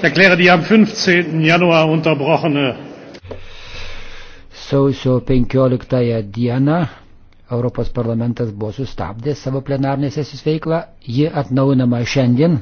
Ich erkläre die am 15. Januar unterbrochene. Sausio 15 dieną Europos parlamentas buvo sustabdęs savo plenarnės sesijos veiklą, ji atnaujinama šiandien.